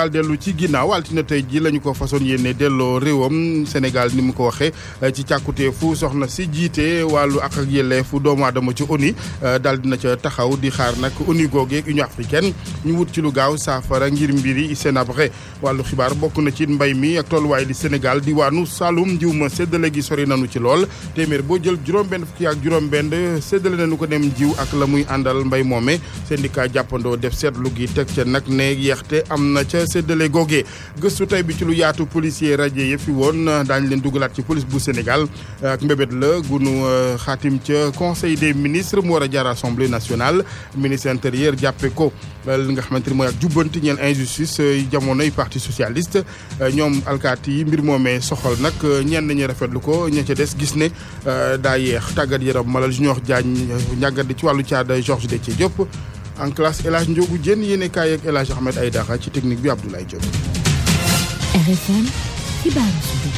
al dellu ci ginnaaw altine tey ji la ñu ko façon yéene delloo réewam Sénégal ni mu ko waxee eh, ci fu soxna si jiite wàllu ak ak yelleefu doomu aadama ci oni eh, daal dina ca taxaw di xaar nag ONU googee Union africaine ñu wut ci lu gaaw saafara ngir mbiri sénabre wàllu xibaar bokk na ci mbay mi ak tolluwaay di Sénégal di waanu Saloum njiw ma séddale gi sori nanu ci lool téeméer boo jël juróom-benn fukki ak juróom-benn séddale nañu ko dem jiw ak la muy àndal mbay moome syndicat jàppandoo def seetlu gi teg ca nag ne yeexte am na ca séddale googee gëstu tey bi ci lu yaatu policier rajo yi fi woon daañu leen dugalaat ci police bu Sénégal ak mbébét la gunu euh, xaatim ca conseil des ministre mu war a jaar assemblée nationale ministre intérieur jàppe ko euh, li nga xamante ni mooy ak jubbanti ñeel injustice euh, jamonoy parti socialiste ñoom alkaati yi mbir moomee soxal nag ñenn ñi rafetlu ko ña ca des gis ne daa yeex tàggat yaram malal junior Diagne ñàggat di ci wàllu caada Georges Déthié Diop en a El Hadj Ndiogou Diène yéene kaay ak El Hadj Ahmed Aïdara ci technique bi Abdoulaye Diop. RFM xibaaru suba.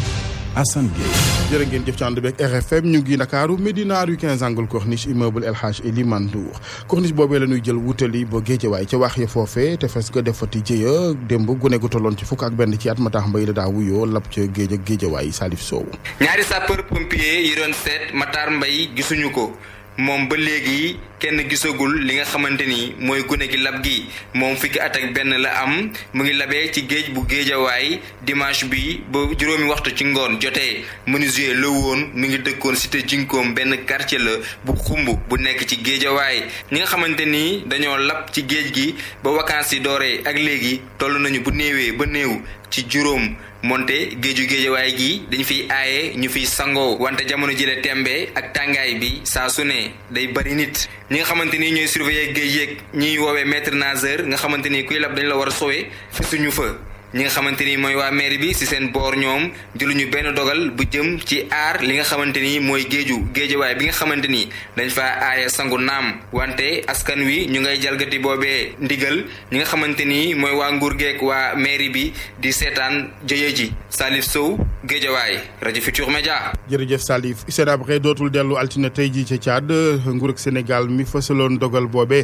Assane Gueye. jërë ngeen jëf ci ànd RFM ñu ngi Ndakaaru Médina rue 15 angle corniche immeuble El Hadj Eliman Ndour corniche boobee la ñuy jël wutali ba Géejawaay ca wax ya foofee te fes ga defati jëya démb gune gu tolloon ci fukk ak benn ci at ma tax mbay la daa wuyoo lab ca géej ak Géejawaay Salif Sow. ñaari sapeur pompier yi doon seet Matar Mbay gisuñu ko. moom ba léegi kenn gisagul li nga xamante ni mooy gune gi lab gi moom fukki at ak benn la am mu ngi labee ci géej bu géejawaay dimanche bi ba juróomi waxtu ci ngoon jotee menuisier la woon mu ngi dëkkoon cité jinkoom benn quartier la bu xumb bu nekk ci géejawaay ñi nga xamante ni dañoo lab ci géej gi ba vacances yi dooree ak léegi toll nañu bu néewee ba néew ci juróom moonte géeju waaye gi dañu fiy aaye ñu fiy sangoo wante jamono jële tembe ak tàngaay bi saa su ne day bari nit ñi nga xamante ni ñooy surveiller géej yeeg ñuy woowee maître nageur nga xamante ni kuy lab dañu la war a sowe fi fa ñi nga xamante ni mooy waa mairie bi ci seen boor ñoom jëluñu benn dogal bu jëm ci aar li nga xamante ni mooy géeju géejawaay bi nga xamante ni dañ fa aaya sangu naam wante askan wi ñu ngay jalgati boobee ndigal ñi nga xamante ni mooy waa nguur geek waa mairie bi di seetaan jëye ji Salif Sow géejawaay rajo Futur Media. jërëjëf Salif Hissène Habré dootul dellu altine tey jii ca Tchad nguur ak Sénégal mi fësaloon dogal boobee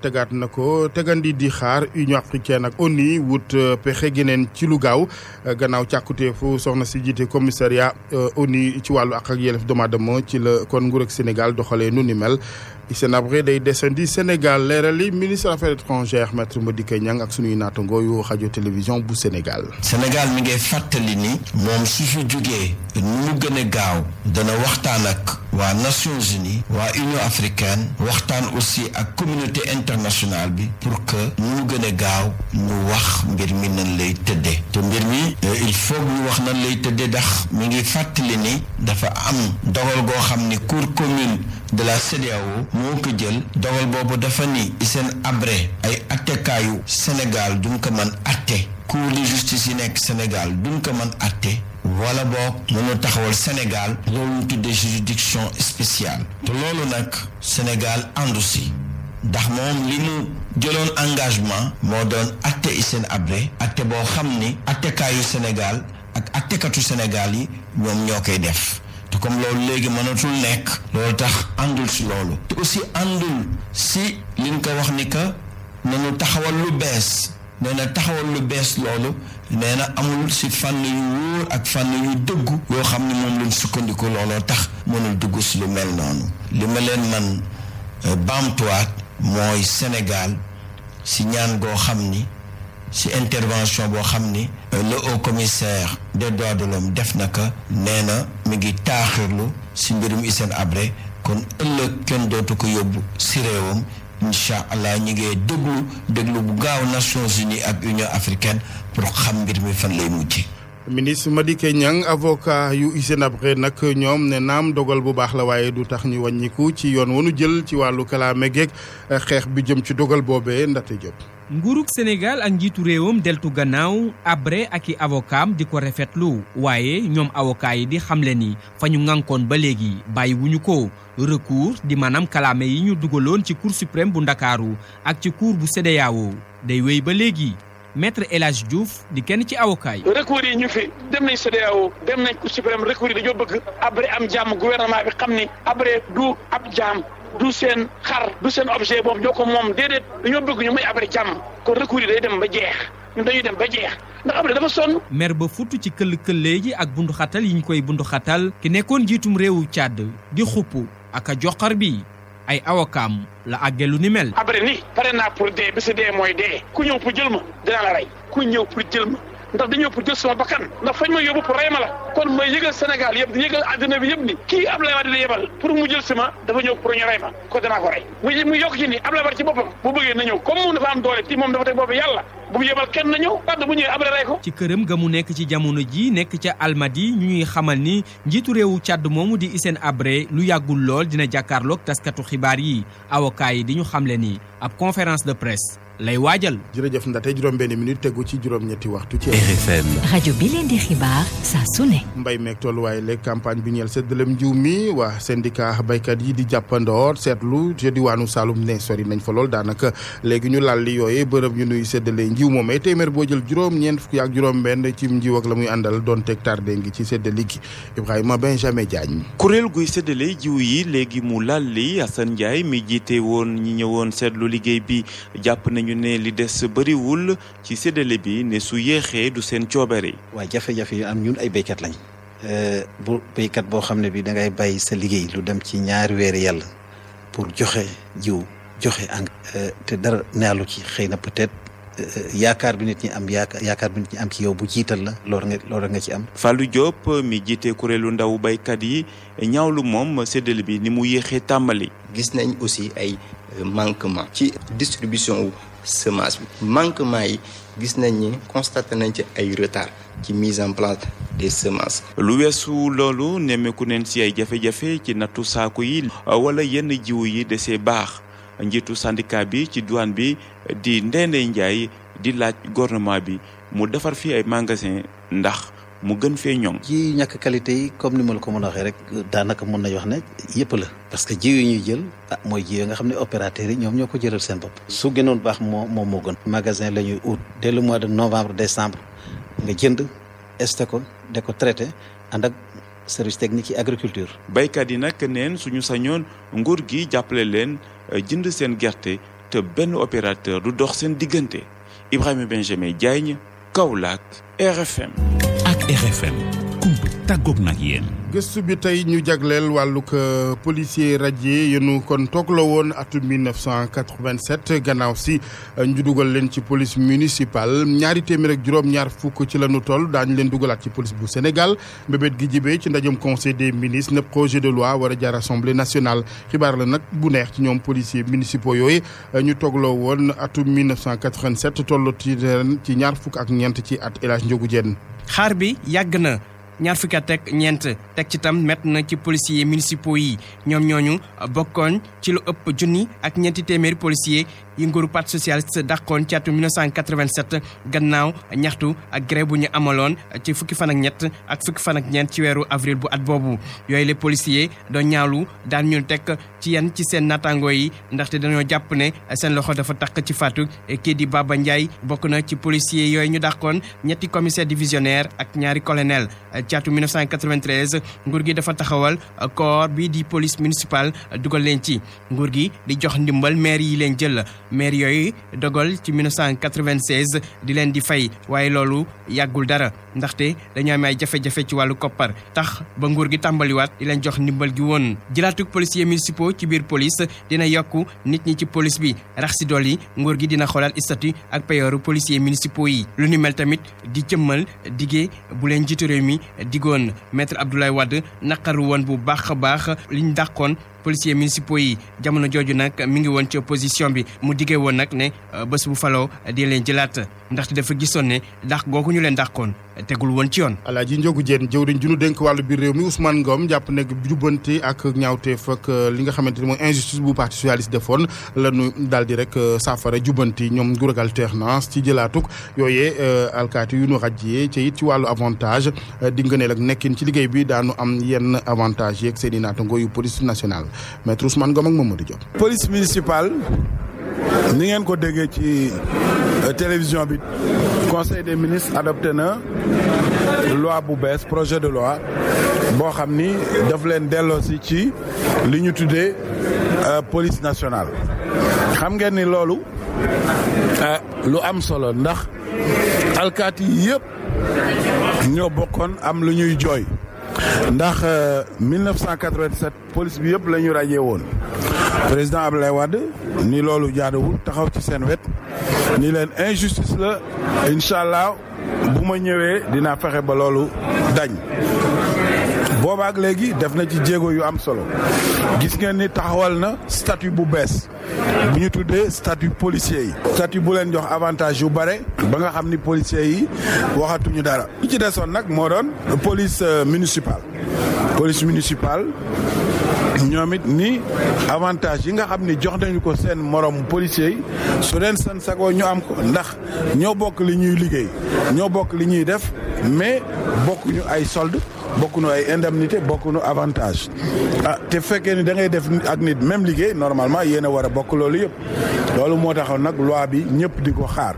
tegaat na ko tegandi di xaa Union africaine ak yeneen ci lu gaaw euh, gannaaw càkkuteefu soxna si jiite commissariat euh, ONU ci wàllu ak ak yelleef doomu ci la kon nguur ak Sénégal doxalee nu ni mel Hissène day descendi Sénégal leeral yi ministre affaires étrangères maître Madické Niang ak sunuy naataangoo yu rajo télévision bu Sénégal. Sénégal mi ngay fàttali ni. moom su fi jugee nu mu gën a gaaw dana waxtaan ak waa Nations Unies waa Union africaine waxtaan aussi ak communauté internationale bi pour que nu mu gën a gaaw ñu wax mbir mi nan lay tëdde te mbir mi euh, il faut ñu wax nan lay tëddee ndax mi ngi fàttali ni dafa am dogal goo xam ni cour commune. de la CEDEAO moo ko jël dogal boobu dafa ni seen abré ay attekaayu Sénégal duñ ko mën atte cour de justice yi nekk Sénégal duñ ko mën atte wala boog mënu taxawal Sénégal loolu ñu tuddee juridiction te loolu nag Sénégal àndu si ndax moom li mu jëloon engagement moo doon atte Hissène Habré atte boo xam ni attekaayu Sénégal ak atekatu Sénégal yi moom ñoo koy def te loolu léegi mënatul nekk loolu tax àndul si loolu te aussi àndul si liñ nga ko wax ni que nañu taxawal lu bees nee na taxawal lu bees loolu nee na amul si fànn yu wóor ak fànn yu dëgg yoo xam ne moom lañ sukkandiku looloo tax mënul dugg si lu mel noonu li ma leen man euh, baamtuwaat mooy senegaal si ñaan goo xam ni si intervention boo xam ni euh, le haut commissaire des droits de l'homme def na ko nee na mi ngi taaxirlu si mbirum seen Habré kon ëllëg kenn dootu ko yóbbu si réewam incha allah ñu ngi déglu déglu bu gaaw Nations Unies ak Union africaine pour xam mbir mi fan lay mujj ministre Madické Niang avocat yu UGNAB nag ñoom ne naam dogal bu baax la waaye du tax ñu wàññiku ci yoon wanu jël ci wàllu kalaame geeg xeex bi jëm ci dogal boobe ndate jot nguurug Sénégal ak njiitu réewam deltu gannaaw abré ak i avocaam di ko rafetlu waaye ñoom avocat yi di xamle ni fa ñu ŋànkoon ba léegi bàyyi wuñu ko recours di maanaam kalaame yi ñu dugaloon ci cour suprême bu ndakaaru ak ci kuur bu CEDEAO day wéy ba léegi maître El Hadj di kenn ci avocat yi. recours yi ñu fi dem nañ CEDEAO dem nañ Cour suprême recours yi dañoo bëgg après am jàmm gouvernement bi xam ni après du ab jàmm du seen xar du seen objet boobu ñoo ko moom déedéet dañoo bëgg ñu may après jàmm kon recours yi day dem ba jeex. ñun dañuy dem ba jeex ndax Abdoulaye dafa sonn. mer ba futt ci këll këllee ji ak bundu yi ñu koy bundu xatal ki nekkoon jiitum réewu Tchad di xupp ak a joxar bi ay awokaam la a lu ni mel. après ni pare naa pour dee bési dee mooy dee ku ñëw pour jël ma dinaa la rey ku ñëw pour jël ma. ndax dañu ñëw pour jël bakkan ndax fañ ma yóbbu pour rey ma la kon may yëgal Sénégal yëpp di yëgal àddina bi yëpp ni kii Abdoulaye Wade la yebal pour mu jël sama dafa ñëw pour ñu rey ma ko danaa ko rey mu mu yokk ci ni Abdoulaye Wade ci boppam bu bëggee na ñëw comme mu dafa am doole ci moom dafa teg boppam yàlla bu yebal kenn na ñëw wadd bu ñëwee Abdoulaye rey ko ci këram ga mu nekk ci jamono ji nekk ca Almadi ñu ñuy xamal ni njiitu réewu Càdd moomu di Hissène Habré lu yàggul lool dina jàkkaarloog taskatu xibaar yi avocat yi di ñu xamle ni ab conférence de presse lay waajal. jërëjëf ndate juróom-benn tegu ci juróom-ñetti waxtu ci. RFM rajo bi leen di xibaar saa su ne. mbay meeg tolluwaay leeg campagne bi ñeel séddaleem njiw mi waa syndicat baykat yi di jàppandoor seetlu ci diwaanu Saloum ne sori nañ fa lool daanaka léegi ñu lal li yooyee bërëb ñu nuy séddale njiw moomee téeméer boo jël juróom-ñeent fukki ak juróom-benn ci njiw ak la muy àndal doon teg tardé ngi ci séddale gi Ibrahima Benjamin Diagne. kuréel guy seddalee jiw yi léegi mu lal li Assane Ndiaye mi jiite woon ñi ñëwoon seetlu liggéey bi jàpp ñu ne li des bëriwul ci séddale bi ne su yéexee du seen coobare. waaye jafe-jafe yu am ñun ay béykat lañ. Euh, bu béykat boo xam ne bi da ngay bàyyi sa liggéey lu dem ci ñaari weeri yàlla pour joxe jiw joxe engrais. Euh, te dara naalu ci xëy na peut-être. Euh, yaakaar bi nit ñi am yaakaar yaakaar bi nit ñi am ci yow bu jiital la loolu nga loolu nga ci am. Fallou Diop mi jiite kuréelu ndaw baykat yi ñaawlu moom séddale bi ni mu yéexee tàmbali. gis nañ aussi ay manquement ci distribution semence bi manquement yi gis nañ ni constaté nañ ci ay retard ci mise en place des semences. lu weesu loolu nemmeeku nen si ay jafe-jafe ci nattu saaku yi. wala yenn jiwu yi desee baax njiitu syndicat bi ci douane bi di Ndeye Ndiaye di laaj gouvernement bi mu defar fi ay magasin ndax. mu gën fee ñoom ji ñàkk qualité yi comme ni ma la ko mën a waxee rek daanaka mën nañu wax ne yëpp la. parce que ji yi ñuy jël ah mooy jiw nga xam ne opérateurs yi ñoom ñoo ko jëlal seen bopp. su gënoon baax moo moom moo gën. magasin la ñuy ut dès mois de novembre décembre nga jënd este ko de ko traité ànd ak service technique yi agriculture. béykat yi nag neen suñu sañoon nguur gi jàppale leen euh, jënd seen gerte te benn opérateur du dox seen diggante Ibrahima Benjamin Diagne Kaolack RFM. RFM. kumpa tàggoog nag yéen. gëstu bi tey ñu jagleel wàllug policier radié yéenu kon toog la woon atum 1987 gannaaw si euh, ñu dugal leen ci police municipale ñaari téeméer ak juróom-ñaar fukk ci la ñu toll daañu leen dugalaat ci police bu Sénégal mbébét gi jibee ci ndajum conseil des ministres ne projet de loi war a jaar assemblée nationale xibaar la nag bu neex ci ñoom policiers municipaux yooyu euh, ñu toogloo woon atum 1987 tolloo ci ren ci ñaar fukk ak ñeent ci at El Hadj Ndiogou xaar bi yàgg na ñaar teg ñeent teg ci tam met na ci policiers municipaux yi ñoom ñooñu bokkoon ci lu ëpp junni ak ñeenti téeméeri policier yi nguuru parti socialiste dàqoon ci atum 1987 gannaaw ñaxtu ak grève bu ñu amaloon ci fukki fan ak ñett ak fukki fan ak ñeent ci weeru avril bu at boobu yooyu les policiers doon ñaawlu daan ñu teg ci yenn ci seen naataangoo yi ndaxte dañoo jàpp ne seen loxo dafa takk ci faatu kii di Baba Ndiaye bokk na ci policiers yooyu ñu dàqoon ñetti commissaire divisionnaire ak ñaari colonel ci atum nguur gi dafa taxawal corps bii di police municipale dugal leen ci nguur gi di jox ndimbal maire yi leen jël maire yooyu dogal ci 1996 di leen di fay waaye loolu yàggul dara ndaxte dañoo am ay jafe-jafe ci wàllu koppar tax ba nguur gi tàmbaliwaat di leen jox ndimbal gi woon. jëlaatu jëlaatuk policiers municipaux ci biir police dina yokk nit ñi ci police bi rax si dolli nguur gi dina xoolaat statut ak payooru policiers municipaux yi. lu ni mel tamit di jëmmal diggé bu leen jiitu mi digoon maître Abdoulaye Wade naqaru woon bu baax a baax liñ dàqoon. policiers municipaux yi jamono jooju nag mi ngi woon ci opposition bi mu diggee woon nag ne euh, bés bu faloo euh, di leen jëlaat ndaxte dafa gisoon ne dàq googu ñu leen koon tegul woon ci yoon. Alaaji Ndiogou Diène jëwriñ ju ñu dénk wàllu biir réew mi Ousmane Ngom jàpp ne jubbante ak ñaawteef ak euh, li nga xamante ni mooy injustice bu parti socialiste defoon la ñu daal di rek saafara jubbanti ñoom nguur alternance ci jëlaatuk yooyee alkaati yu ñu ràjjee ci it ci wàllu avantage di nga ne nag nekkin ci liggéey bi daanu am yenn avantage yeeg seen i naataango yu police nationale. municipale maître moom Ngom du Mamadou Diop. police municipale ni ngeen ko déggee ci euh, télévision bi conseil des ministre adopté na loi bu bees projet de loi boo xam ni daf leen delloosi ci li ñu tuddee euh, police nationale. xam ngeen ni loolu euh, lu am solo ndax alkaati yëpp ñoo bokkoon am lu ñuy jooy. ndax 1987 euh, police bi yëpp la ñu rajee woon président Abdoulaye Wade ni loolu jaaduwul taxaw ci seen wet ni leen injustice la incha allah bu ma ñëwee dinaa fexe ba loolu dañ boobaak léegi def na ci jéego yu am solo gis ngeen ni taxawal na statut bu bees bu ñu tuddee statut policier yi statut bu leen jox avantage yu bare ba nga xam ni policier yi waxatuñu dara li ci desoon nag moo doon police euh, municipale police municipale ñoom it ni avantage yi nga xam ni jox nañu ko seen morom policier yi su leen seen sagoo ñu am ko ndax ñoo bokk li ñuy liggéey ñoo bokk li ñuy def mais bokkuñu ay solde bokk nu ay indemnité bokk nu avantage ah te fekkee ni da ngay def ak nit même liggéey normalement yéen a war a bokk loolu yëpp loolu moo taxoon nag loi bi ñëpp di ko xaar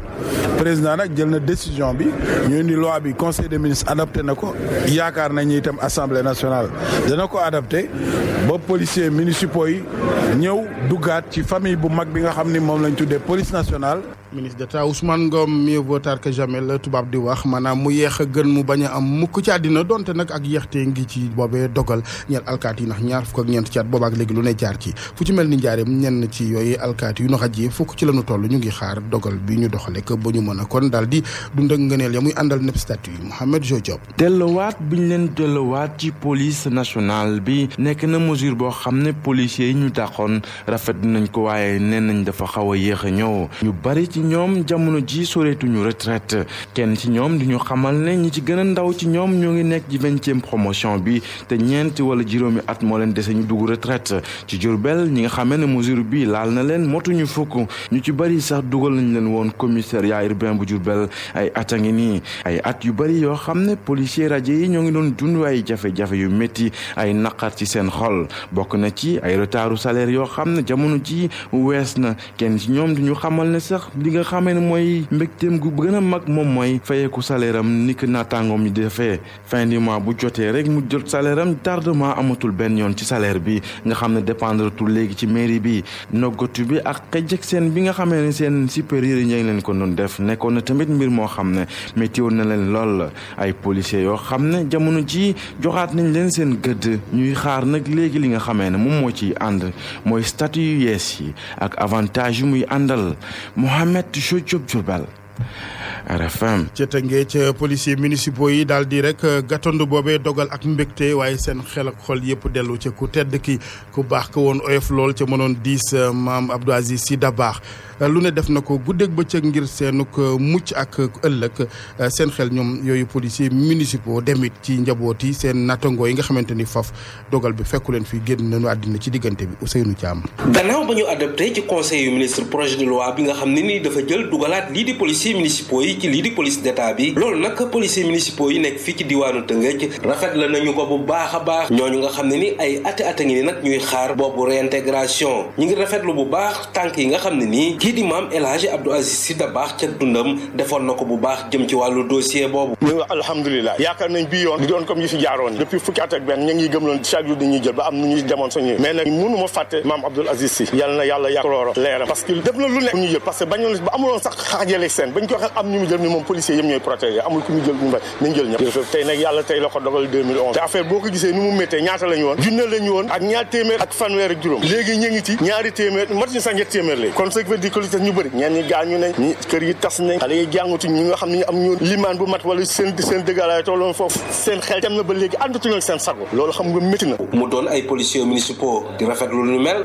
président nag jël na décision bi ñu ni loi bi conseil des ministre adopté na ko yaakaar nañu itam assemblée nationale dana ko adapté ba policiers municipaux yi ñëw duggaat ci famille bu mag bi nga xam ni moom lañ tuddee police nationale ministre d'État Ousmane Ngom mieux vaut tard que jamais la tubaab di wax maanaam mu yéex a gën mu bañ a am mukk ci àddina donte nag ak yéexte ngi ci boobee dogal ñeel alkaati yi ndax ñaar fukk ak ñeent ci at boobaak léegi lu ci fu ci ni njaareem ñenn ci yooyu alkaati yu nu xaj yi fukk ci la ñu ñu ngi xaar dogal bi ñu doxale ko ba ñu mën a kon daal di dund ak ngëneel ya muy àndal nepp statut yi Mouhamed Jo Diop delluwaat biñ leen delluwaat ci police nationale bi nekk na mesure boo xam ne policiers yi ñu dàqoon rafet nañ ko waaye nee nañ dafa xaw a yéex a ñëw ñu bari ci ci ñoom jamono ji soreetuñu retraite kenn ci ñoom di ñu xamal ne ñi ci gën a ndaw ci ñoom ñoo ngi nekk ci vingtième promotion bi te ñeenti wala juróomi at moo leen dese ñu dugg retraite ci Diourbel ñi nga xamee ne mesure bi laal na leen motuñu fukk ñu ci bari sax dugal nañ leen woon commissariat urbain bu Diourbel ay at a ngi nii ay at yu bari yoo xam ne policier rajo yi ñoo ngi doon dund jafe-jafe yu métti ay naqar ci seen xol bokk na ci ay retardu salaire yoo xam ne jamono ji li nga xamee ne mooy mbégteem gu gën a mag moom mooy fayeeku salaire am ni ko naataangoom yi defee fin du bu jotee rek mu jot salaire am tardement amatul benn yoon ci salaire bi nga xam ne dépendre tout léegi ci mairie bi noggatu bi ak xëjëg seen bi nga xamee ne seen supérieur yi ñangi leen ko doon def nekkoon na tamit mbir moo xam ne métti woon na leen lool la ay policiers yoo xam ne jamono ji joxaat nañ leen seen gëdd ñuy xaar nag léegi li nga xamee ne moom moo ciy ànd mooy statut yu yees ak avantage muy àndal Maître Diop Diourbel RFM ca tëngee ca policiers municipaux yi daal di rek euh, gàttandu boobee dogal ak mbégte waaye seen xel ak xol yëpp dellu ca ku tedd ki ku baax ko woon oyof lool ca mënoon diis euh, maam Abdou Aziz da baax lu ne def na ko guddeeg bëccëg ngir seenuk euh, mucc ak euh, ëllëg euh, seen xel ñoom yooyu policiers municipaux demit ci njaboot yi seen nattangoo yi nga xamante ni faf dogal bi fekku leen fii génn nañu àddina ci diggante bi Ousseynou Thiam. gannaaw ba ñu adopté ci conseil yu ministre projet de loi bi nga xam ne ni dafa jël dugalaat lii di policiers municipaux yi ci lii di police d'état bi loolu nag policiers municipaux yi nekk fii ci diwaanu Tëngéej rafet la nañu ko bu baax a baax ñooñu nga xam ne ni ay ati ata nag ñuy xaar boobu réintégration ñu ngi rafetlu kii di maam El Hadji Abdou Aziz Sy Dabakh ca dundam defoon na ko bu baax jëm ci wàllu dossier boobu ñu yaakaar nañ bii yoon di doon comme yi fi jaaroon depuis fukki at benn ñu ngi jël ba am nu ñuy demoon suñu mais nag mënu fàtte maam Abdou Aziz yàlla na leeram parce que def na lu nekk ñu jël parce que bañoon ba amuloon sax xaajale seen bañ ko waxee am ñu mu jël ni moom policier yëpp ñooy protéger amul ku ñu jël ñu ba ñu ngi autorité ñu bëri ñeen ñi gaañu nañ ñi kër yi tas nañ xale yi jàngatuñ ñi nga xam ne am ñu limaan bu mat wala seen seen xam nga métti na mu doon ay policiers municipaux di rafetlu lu mel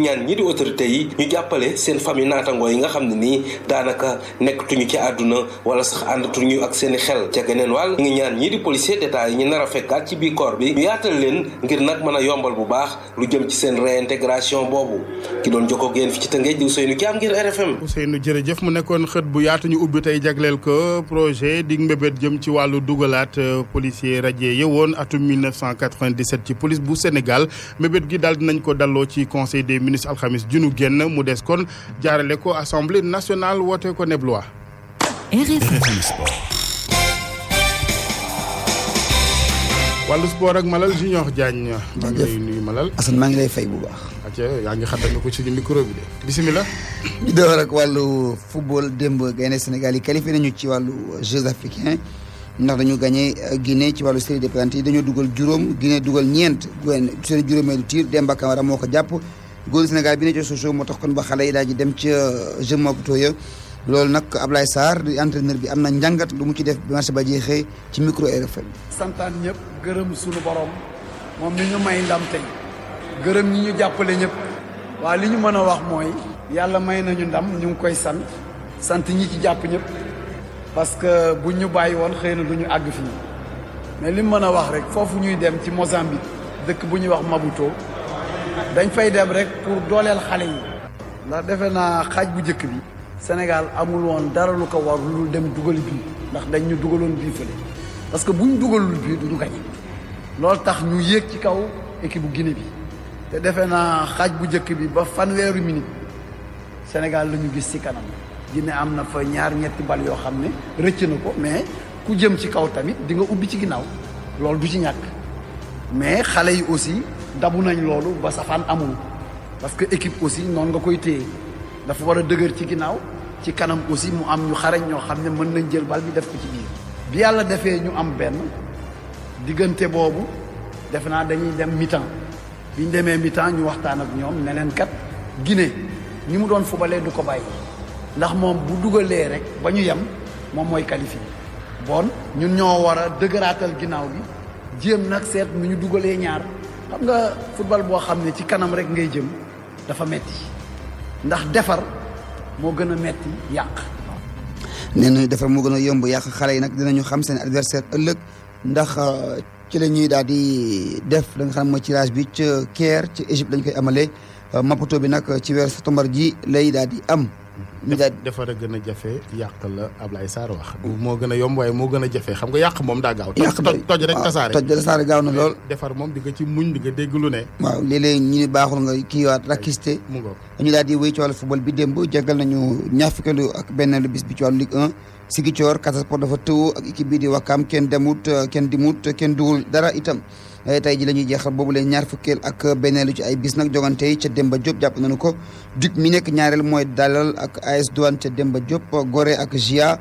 ñaan ñi di autorité yi ñu jàppale seen famille naatangoo yi nga xam ne nii daanaka nekkatuñu ci àdduna wala sax àndatuñu ak seen i xel ca geneen wàll ngi ñaan ñi di policier d'état yi ñu nar a ci biir corps bi ñu yaatal leen ngir nag mën a yombal bu baax lu jëm ci seen réintégration boobu ki doon jokkoo génn fi ci tëngeej di Ousseynou Kiam ngir RFM. Ousseynou jërëjëf mu nekkoon xët bu yaatu ñu ubbi tey jagleel ko projet di mbébét jëm ci wàllu dugalaat euh, policier radié yewoon atum 1997 ci police bu Sénégal mbébét gi daal dinañ ko dalloo ci conseil des ministres alxamis junu génn mu des kon jaarale ko assemblée nationale woote ko nebloi. wàllu sport ak Malal Junior Diagne. maa ngi lay nuyu ngi lay fay bu baax. ok yaa ngi xatal ko ci micro bi de bisimilah. di door ak wàllu football demb gaynde Sénégal yi qualifié nañu ci wàllu Jeux africains ndax dañu gagné Guinée ci wàllu série de penalty yi dañoo dugal juróom Guinée dugal ñeent Guinée seen juróomeelu tiir Demba Camara moo ko jàpp góolu Sénégal bi ne ci Sochaux moo tax kon ba xale yi daal di dem ca Jeux Maputo ya loolu nag Ablaye Sarr di entraîneur bi am na njàngat lu mu ci def marché ba jeexee ci micro RFM. santaan ñëpp gërëm suñu borom moom mi ñu may ndam tey gërëm ñi ñu jàppale ñëpp waa li ñu mën a wax mooy. yàlla may na ñu ndam ñu ngi koy sant sant ñi ci jàpp ñëpp parce que buñ ñu bàyyi woon xëy na du ñu àgg fii mais li mu mën a wax rek foofu ñuy dem ci Mozambique dëkk bu ñuy wax Maputo dañ fay dem rek pour dooleel xale yi. ndax defe naa xaaj bu njëkk bi. Sénégal amul woon dara lu ko war lu dem dugal bii ndax dañ ñu dugaloon bii fële parce que ñu dugalul bii du ñu gañ loolu tax ñu yéeg ci kaw équipe bu gine bi te defe naa xaaj bu njëkk bi ba fanweeru minute Sénégal lañu gis ci kanam Guinée am na fa ñaar ñetti bal yoo xam ne rëcc na ko mais ku jëm ci kaw tamit di nga ubbi ci ginnaaw loolu du ci ñàkk mais xale yi aussi dabu nañ loolu ba sa safaan amul parce que équipe aussi noonu nga koy téye. dafa war a dëgër ci ginnaaw ci kanam aussi mu am ñu xarañ ñoo xam ne mën nañ jël bal bi def ko ci biir bi yàlla defee ñu am benn diggante boobu def naa dañuy dem mi-temps bi ñu demee mi ñu waxtaan ak ñoom ne kat Guinée ni mu doon fubalee du ko bàyyi ndax moom bu dugalee rek ba ñu yem moom mooy qualifié bon ñun ñoo war a dëgëraatal ginnaaw bi jéem nag seet mu ñu dugalee ñaar xam nga football boo xam ne ci kanam rek ngay jëm dafa metti ndax defar moo gën a metti yàq nee na defar moo gën a yomb yàq xale yi nag dinañu xam seen adversaire ëllëg ndax euh, ci la ñuy daal di def da nga xam mooy tirage bi ca Caire ci Égypte lañ koy amalee euh, Maputo bi nag ci weer septembre ji lay daal di am ñu daal dafa a gën a jafe yàq la Ablaye Sarr wax. moo gën a yomb waaye moo gën a jafe xam nga yàq moom daa gaaw. yàq toj toj rek tasaare toj tasaare gaaw na lool. defar moom di nga ci muñ di nga dégg lu ne. waaw léeg-léeg ñu ne baaxul nga kiiwaat rakiste. mu ngoog ñu daal di wéy ci wàllu football bi démb jegal nañu ñaar fukkeelu ak benn lu bis bi ci wàllu Ligue 1. Sigicoor Casa Sport dafa tëw ak équipe bii di Wakam kenn demut kenn dimut kenn dugul dara itam. Eh, tey ji la ñuy jeexal boobu leen ñaar fukkeel ak benneelu ci ay bis nag jogante yi ca Demba Diop jàpp nañu ko dug mi nekk ñaareel mooy dalal ak AS Douane ca Demba Diop Gorée ak Gia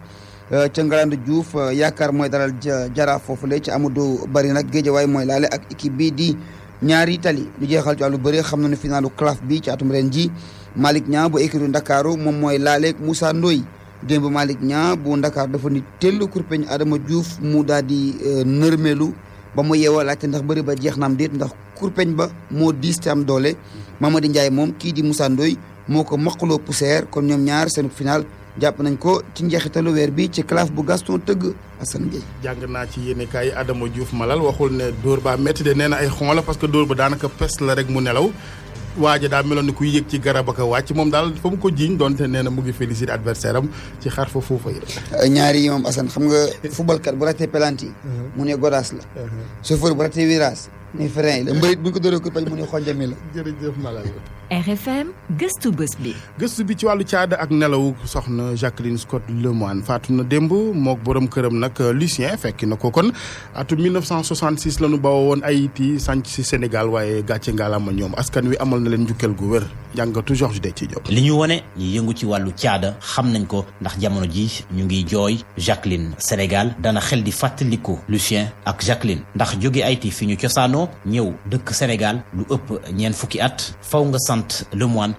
eh, ca Ngalandou Diouf eh, yaakaar mooy dalal jaraaf foofule ca Amadou Bari nag Guédiawaye mooy laale ak équipe bii di ñaari tali ñu jeexal ci wàllu bëre xam na finalu CLAF bi ci atum ren ji Malick Niang bu écurie Ndakaaru moom mooy laale Moussa Ndoye démb Malick Niang bu Ndakaar dafa ni tell kurpeñ Adama juuf mu daal di nërmeelu ba mu yeewoo laajte ndax bëri ba jeex na am ndax kurpeñ ba moo diis te am doole Mamadi Ndiaye moom kii di Moussa Ndoye moo ko maqaloo poussière kon ñoom ñaar seen final jàpp nañ ko ci njeexitalu weer bi ci claf bu Gaston tëgg san Gueye jàng naa ci yéene kaay Adama Diouf Malal waxul ne dóor baa métti de nee na ay xon la parce que dóor ba daanaka pes la rek mu nelaw waaja daa meloon ni ku yëg ci garab ak a wàcc moom daal fa mu ko jiiñ doonte nee na mu ngi félicité adversaire am ci xar fa foofa yi ñaari yi moom Assane xam nga footballkat bu ratee pelanti mu ne godaas la mhm. chauffeur bu ratee virage ne frein la mbërit bu ñu ko dóoree ko paj mu ne xonjami la jërëjëf Malal RFM gëstu bés bi. gëstu bi ci wàllu caada ak nelawu soxna Jacqueline Scott Lemoine faatu na démb mook borom këram nag euh, Lucien fekki na ko kon atum 1966 la ñu bawoo woon Haïti sànc si Sénégal waaye gàcce ngalaama ñoom askan wi amal na leen njukkal gu wér jàngatu de Dethié Diop. li ñu wone ñi yëngu ci wàllu caada xam nañ ko ndax jamono ji ñu ngi jooy Jacqueline Sénégal dana xel di fàttaliku Lucien ak Jacqueline ndax jóge Haïti fi ñu cosaanoo ñëw dëkk Sénégal Dante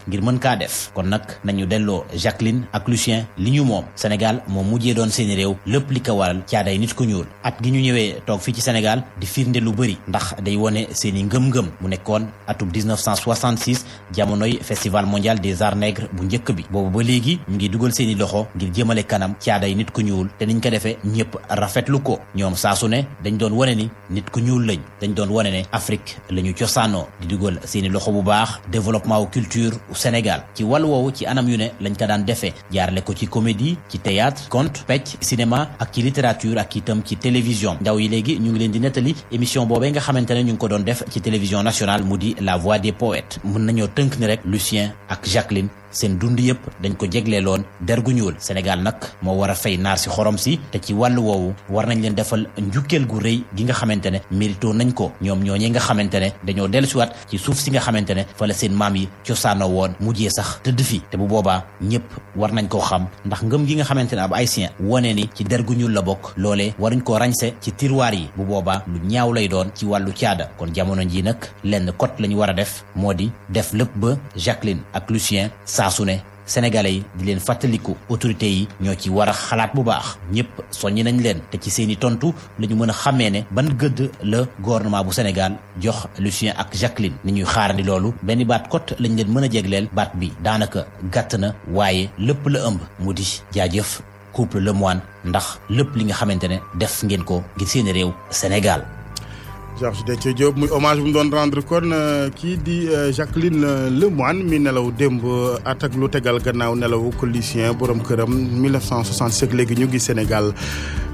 ngir mën kaa def kon nag nañu delloo Jacqueline ak Lucien li ñu moom Sénégal moom mujjee doon seeni réew lépp li ko waral caaday nit ku ñuul at gi ñu ñëwee toog fii ci Sénégal di firnde lu bëri ndax day wone seeni ngëm-ngëm mu nekkoon atub 1966 jamonoy festival mondial des arts nègres bu njëkk bi boobu ba léegi ñu ngi dugal seeni loxo ngir jëmale kanam caaday nit ku ñuul te niñ ko defee ñëpp rafetlu ko ñoom saasu ne dañ doon wane ni nit ku ñuul lañ dañ doon wane ne Afrique la développement culture au Sénégal ci wàll woowu ci anam yu ne lañ ko daan defee jaarale ko ci comédie ci théâtre conte pecc cinéma ak ci littérature ak itam ci télévision ndaw yi léegi ñu ngi leen di nettali émission boobee nga xamante ne ñu ngi ko doon def ci télévision nationale mu di la voix des poètes mën nañoo tënk ni rek Lucien ak Jacqueline seen dund yëpp dañ ko jegleeloon der gu ñuul Sénégal nag moo war a fay naar si xorom si te ci wàllu woowu war nañ leen defal njukkeel gu rëy gi nga xamante ne mérito nañ ko ñoom ñoo ñooñee nga xamante ne dañoo dellusiwaat ci suuf si nga xamante ne fa la seen maam yi cosaanoo woon mujjee sax tëdd fi te bu boobaa ñëpp war nañ koo xam ndax ngëm gi nga xamante ne ab haïtien wone ni ci der gu ñuul la bokk loole loolee waruñ koo rañse ci tiroir yi bu boobaa lu ñaaw lay doon ci wàllu caada kon jamono ji nag lenn cote la ñu war a def moo di def lépp ba Jacqueline saa su ne sénégalais yi di leen fàttaliku autorités yi ñoo ci war a xalaat bu baax ñëpp soññi nañ leen te ci seeni tontu la ñu mën a xàmmee ne ban gëdd la gouvernement bu Sénégal jox Lucien ak Jacqueline ni ñuy xaarandi loolu benn baat kot lañ leen mën a jégleel baat bi daanaka gàtt na waaye lépp la ëmb mu di jaajëf couple Lemoine ndax lépp li nga xamante ne def ngeen ko ngir seeni réew Sénégal Georges Déthié Diop muy hommage bu mu doon rendre kon euh, kii di euh, Jacqueline euh, Lemoine mi nelaw démb at ak lu tegal gannaaw nelaw lycéen borom këram 1967 léegi ñu gi Sénégal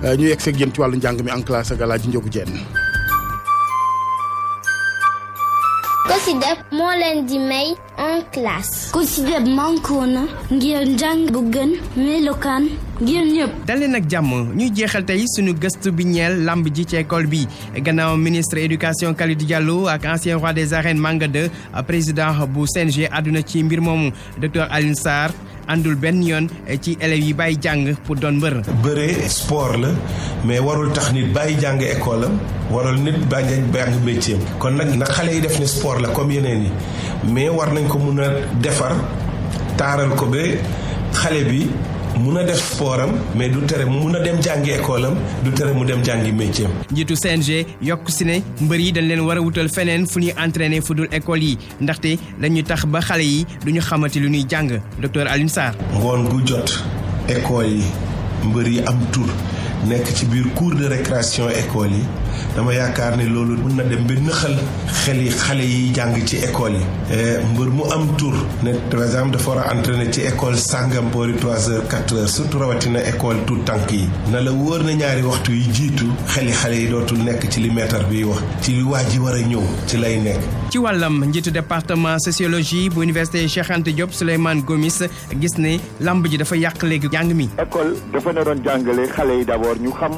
ñu yegg seeg yéen ci wàllu njàng mi en classe ak Alaaji Njogu Jeen COSYDEP moo leen di may en classe. COSYDEP mànkoo na ngir njàng bu gën melokaan ngir ñëpp. dal leen jàmm ñuy jeexal tey suñu gëstu bi ñeel lamb ji ci école bi gannaaw ministre éducation Kalidou Diallo ak ancien roi des arènes Manga de président bu CNG àdduna ci mbir moomu docteur Alioune Sarr. àndul benn yoon eh, ci élèves yi bàyyi jàng pour doon mbër. bëre sport la mais warul tax nit bàyyi jàng école am warul nit bàyyi jàng métier kon nag nag xale yi def ne sport la comme yeneen yi mais war nañ ko mun a defar taaral ko ba xale bi. mun a def sportam mais du tere mu mun a dem jàngi école am du tere mu dem jàngi métier am. njiitu CNG yokk si ne mbër yi dañ leen war a wutal feneen fu ñuy entraîner fu dul école yi ndaxte dañu tax ba xale yi du ñu xamati lu ñuy jàng docteur Alioune Sarr. ngoon gu jot école yi mbër yi am tur. nekk ci biir cours de récréation école yi dama yaakaar ne loolu mën na dem ba nëxal xel yi xale yiy jàng ci école yi. E, mbër mu am tur ne par exemple dafa war a entraîner ci école sàngam boori 3 heures 4 heures surtout rawatina école tout tànk yi na la wóor na ñaari waxtu yi jiitu xel yi xale yi dootul nekk ci li maître bi wax ci li waa ji war a ñëw ci lay nekk. ci wàllam njiitu département sociologie bu université Cheikh Anta Diop Souleymane Gomis gis ni lamb ji dafa yàq léegi jàng mi. école dafa naroon jàngale xale yi d'abord ñu xam.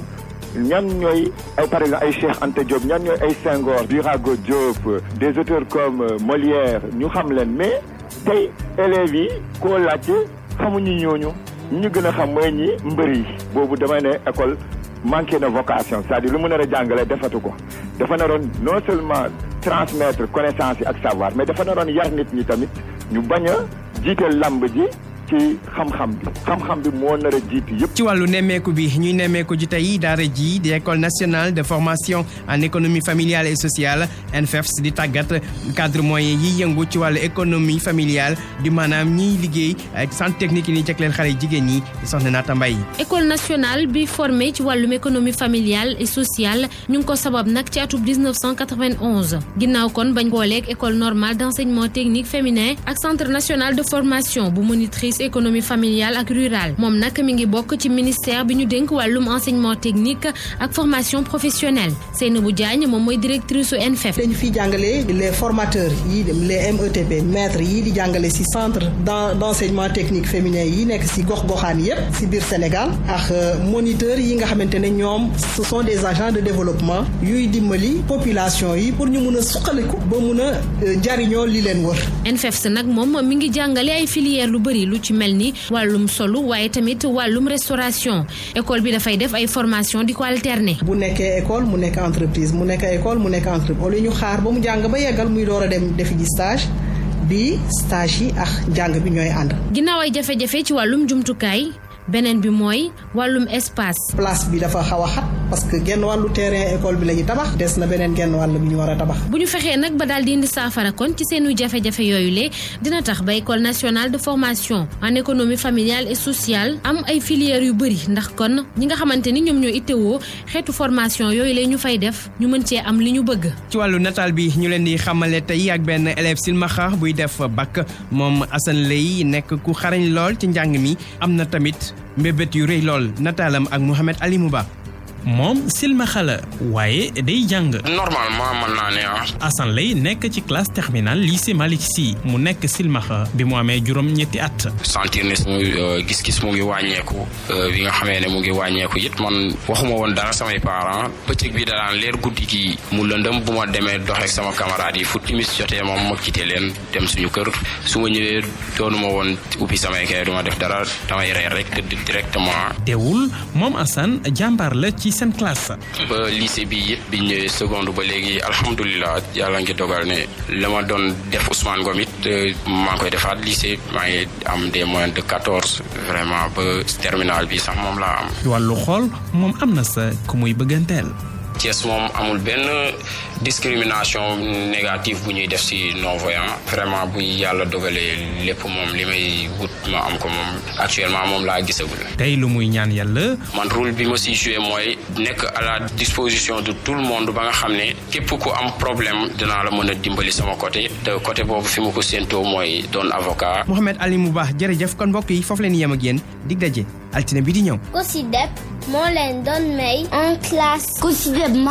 ñan ñooy ay par exemple ay Cheikh Anta Diop ñan ñooy ay Senghor Birago Diop des auteurs comme Molière ñu xam leen mais tey élèves yi koo laajte xamuñu ñooñu ñu ñu gën a xam mooy ñi mbër yi boobu damay ne école manqué na vocation c'est-à-dire lu mu nar a jàngale defatu ko dafa naroon transmettre connaissance yi ak savoir mais dafa naroon yar nit ñi tamit ñu bañ a jiite lamb ji ci xam nemeeku bi xam-xam ci wàllu nemmeeku bi ñuy nemmeeku ji tey daara ji di école nationale de formation en économie familiale et sociale NFEFS di tàggat cadre moyen yiy yëngu ci wàllu économie familiale di maanaam ñiy liggéey centre technique yi ni jagleel xale jigéen ñi soxna Naata Mbaye. école nationale bi formé ci wàllum économie familiale et sociale ñu ngi ko sabab nag ci atub 1991 ginnaaw kon bañ booleeg école normale d' enseignement technique féminin ak centre national économie familiale ak rurale moom nag mi ngi bokk ci ministère bi ñu dénk wàllum enseignement technique ak formation professionnelle Seynabou Diagne moom mooy directrice su NFEF. E dañu fiy jàngale les formateurs yi les METP maîtres yii di jàngale ci centre d'enseignement technique féminin yi nekk ci gox-goxaan yépp ci biir Sénégal ak euh, moniteurs yi nga xamante ne ñoom ce sont des agents de développement yuy dimbali population yi pour ñu mun a suqaliku ba mun a euh, jariñoo li leen wër. ci mel ni wàllum solu waaye tamit wàllum restauration école bi dafay def ay formation di ko alterner. bu nekkee école mu nekk entreprise mu nekk école mu nekk entreprise wala ñu xaar ba mu jàng ba yeggal muy door a dem defi ji stage. bi stage yi ak njàng bi ñooy ànd. ginnaaw ay jafe-jafe ci wàllum jumtukaay beneen bi mooy wàllum espace. place bi dafa xaw a xat parce que genn wàllu terrain école bi la ñu tabax des na beneen genn wàll bi ñu war a tabax. bu ñu fexee nag ba daal di indi saafara kon ci seenu jafe-jafe yooyu le dina tax ba école nationale de formation en économie familiale et sociale am ay filières yu bëri ndax kon ñi nga xamante ni ñoom ñoo itteewoo xeetu formation yooyu la ñu fay def ñu mën cee am li ñu bëgg. ci wàllu nataal bi ñu leen di xamale tey ak benn élève silmaxa buy def bac moom Assane Lay nekk ku xarañ lool ci njàng mi am na tamit. mbébét yu rëy lool nataalam ak Mouhamed Ali Mouba moom silmaxa la waaye day jàng. normalement man naa ne ah. Assane lay nekk ci classe terminale lycée Malick si mu nekk silmaxa bi mu amee juróom-ñetti at. sentir ne suñu euh, gis-gis mu ngi wàññeeku euh, bi nga xamee ne mu ngi wàññeeku it man waxuma woon dara samay parents bëccëg bi danaan leer guddi gi mu lëndëm bu ma demee doxeek sama camarades yi fu timis jotee moom ma quitté leen dem suñu kër su ma ñëwee doonuma woon ubbi samay kay duma def dara damay reer rek directement. seen classe. ba lycée bi yëpp bi ñëwee seconde ba léegi alhamdulilah yàlla ngi dogal ne la doon def Ousmane Ngom it euh, maa ngi koy defaat lycée maa ngi am des moins de quatorze vraiment ba terminal bi sax moom laa am. wàllu xool moom am na sa ku muy bëgganteel. Thiès moom amul benn discrimination négative bu ñuy def ci non voyant vraiment bu yàlla dogalee lépp moom li may wut ma am ko moom actuellement moom laa gisagul. tey lu muy ñaan yàlla. man rôle bi ma ci mooy nekk à la disposition de tout le monde ba nga xam ne képp ku am problème dinaa la mën a dimbali sama côté te coté boobu fi mu ko séentoo mooy doon avocat. Mouhamed Ali Mubah jërëjëf kon mbokk yi leen yem ak daje. altine bi di ñëw. ku en classe.